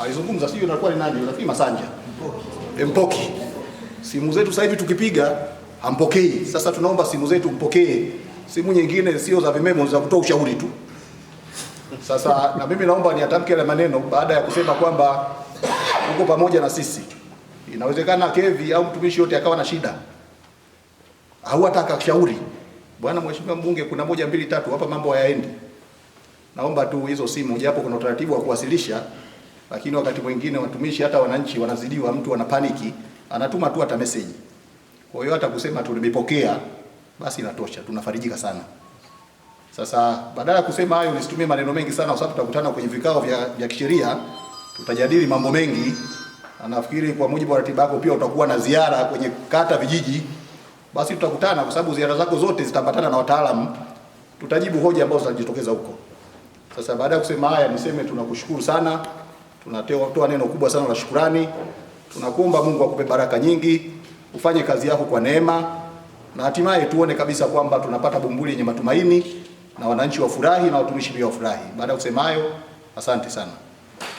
alizungumza sio, unakuwa ni nani, unafikiri Masanja Mpoki. Simu zetu sasa hivi tukipiga hampokei. Sasa tunaomba simu zetu mpokee, simu nyingine sio za vimemo, za kutoa ushauri tu. Sasa na mimi naomba niatamke yale maneno baada ya kusema kwamba uko pamoja na sisi. Inawezekana Kevi au mtumishi yote akawa na shida au hata akashauri, bwana mheshimiwa mbunge, kuna moja mbili tatu, hapa mambo hayaendi. Naomba tu hizo simu, japo kuna utaratibu wa kuwasilisha lakini wakati mwingine watumishi hata wananchi wanazidiwa, mtu ana paniki, anatuma tu hata message. Kwa hiyo hata kusema tumepokea basi inatosha, tunafarijika sana. Sasa badala ya kusema hayo nisitumie maneno mengi sana, kwa sababu tutakutana kwenye vikao vya, vya kisheria tutajadili mambo mengi. Nafikiri kwa mujibu wa ratiba yako pia utakuwa na ziara kwenye kata, vijiji, basi tutakutana, kwa sababu ziara zako zote zitapatana na wataalamu, tutajibu hoja ambazo zitajitokeza huko. Sasa baada ya kusema haya, niseme tunakushukuru sana tunatoa neno kubwa sana la shukurani. Tunakuomba Mungu akupe baraka nyingi, ufanye kazi yako kwa neema, na hatimaye tuone kabisa kwamba tunapata Bumbuli yenye matumaini na wananchi wafurahi na watumishi pia wafurahi. Baada ya kusema hayo, asante sana.